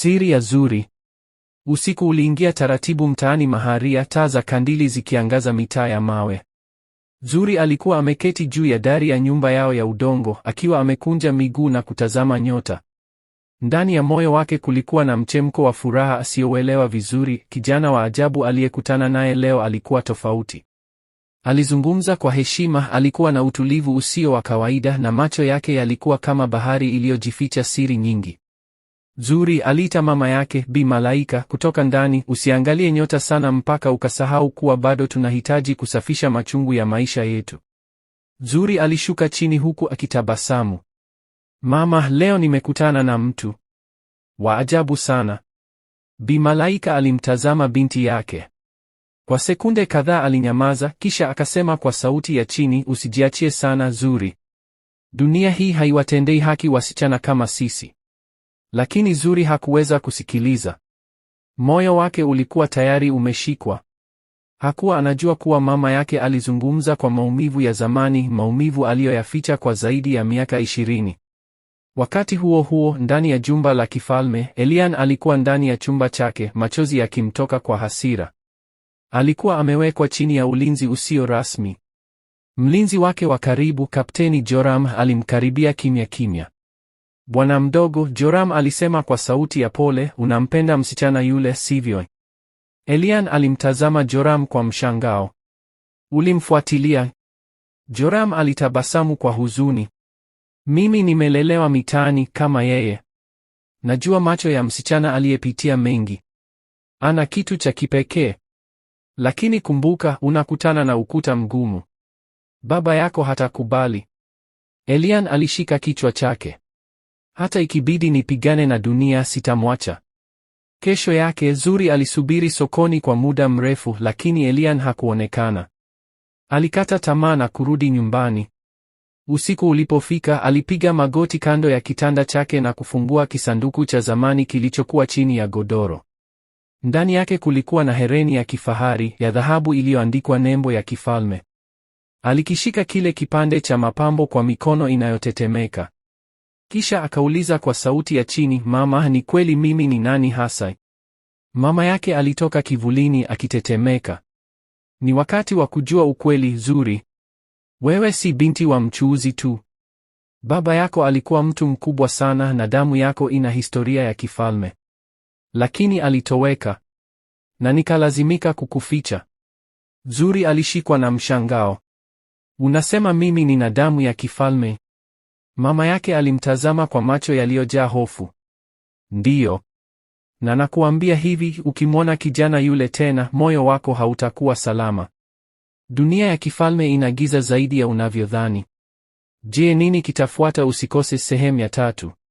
Siri ya Zuri. Usiku uliingia taratibu mtaani Maharia, taa za kandili zikiangaza mitaa ya mawe. Zuri alikuwa ameketi juu ya dari ya nyumba yao ya udongo, akiwa amekunja miguu na kutazama nyota. Ndani ya moyo wake kulikuwa na mchemko wa furaha asiyouelewa vizuri. Kijana wa ajabu aliyekutana naye leo alikuwa tofauti. Alizungumza kwa heshima, alikuwa na utulivu usio wa kawaida, na macho yake yalikuwa kama bahari iliyojificha siri nyingi. Zuri aliita mama yake Bi Malaika kutoka ndani, usiangalie nyota sana mpaka ukasahau kuwa bado tunahitaji kusafisha machungu ya maisha yetu. Zuri alishuka chini huku akitabasamu. Mama, leo nimekutana na mtu wa ajabu sana. Bi Malaika alimtazama binti yake. Kwa sekunde kadhaa alinyamaza, kisha akasema kwa sauti ya chini, usijiachie sana Zuri, dunia hii haiwatendei haki wasichana kama sisi. Lakini Zuri hakuweza kusikiliza. Moyo wake ulikuwa tayari umeshikwa. Hakuwa anajua kuwa mama yake alizungumza kwa maumivu ya zamani, maumivu aliyoyaficha kwa zaidi ya miaka ishirini. Wakati huo huo, ndani ya jumba la kifalme, Elian alikuwa ndani ya chumba chake, machozi yakimtoka kwa hasira. Alikuwa amewekwa chini ya ulinzi usio rasmi. Mlinzi wake wa karibu, Kapteni Joram, alimkaribia kimya kimya. Bwana mdogo, Joram alisema kwa sauti ya pole, unampenda msichana yule, sivyo? Elian alimtazama Joram kwa mshangao. Ulimfuatilia? Joram alitabasamu kwa huzuni. Mimi nimelelewa mitaani kama yeye. Najua macho ya msichana aliyepitia mengi. Ana kitu cha kipekee. Lakini kumbuka, unakutana na ukuta mgumu. Baba yako hatakubali. Elian alishika kichwa chake. Hata ikibidi nipigane na dunia sitamwacha. Kesho yake Zuri alisubiri sokoni kwa muda mrefu, lakini Elian hakuonekana. Alikata tamaa na kurudi nyumbani. Usiku ulipofika, alipiga magoti kando ya kitanda chake na kufungua kisanduku cha zamani kilichokuwa chini ya godoro. Ndani yake kulikuwa na hereni ya kifahari ya dhahabu iliyoandikwa nembo ya kifalme. Alikishika kile kipande cha mapambo kwa mikono inayotetemeka. Kisha akauliza kwa sauti ya chini, mama, ni kweli mimi ni nani hasa? Mama yake alitoka kivulini akitetemeka. Ni wakati wa kujua ukweli. Zuri, wewe si binti wa mchuuzi tu. Baba yako alikuwa mtu mkubwa sana, na damu yako ina historia ya kifalme. Lakini alitoweka na nikalazimika kukuficha. Zuri alishikwa na mshangao. Unasema mimi nina damu ya kifalme? Mama yake alimtazama kwa macho yaliyojaa hofu. Ndiyo, na nakuambia hivi, ukimwona kijana yule tena, moyo wako hautakuwa salama. Dunia ya kifalme ina giza zaidi ya unavyodhani. Je, nini kitafuata? Usikose sehemu ya tatu.